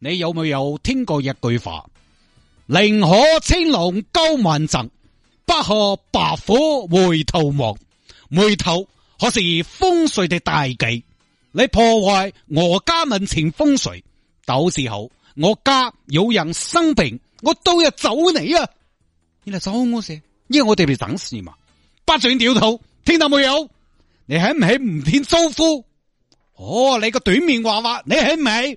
你有冇有聽過一句話？寧可青龍高萬丈，不可白虎回頭望。回頭可是風水嘅大忌。你破壞我家門前風水，到時候，我家有人生病，我都要走你啊！你嚟走我先，因為我哋別重視嘛。不准掉頭，聽到冇有？你係唔係唔聽招呼？哦，你個短面娃娃，你係唔係？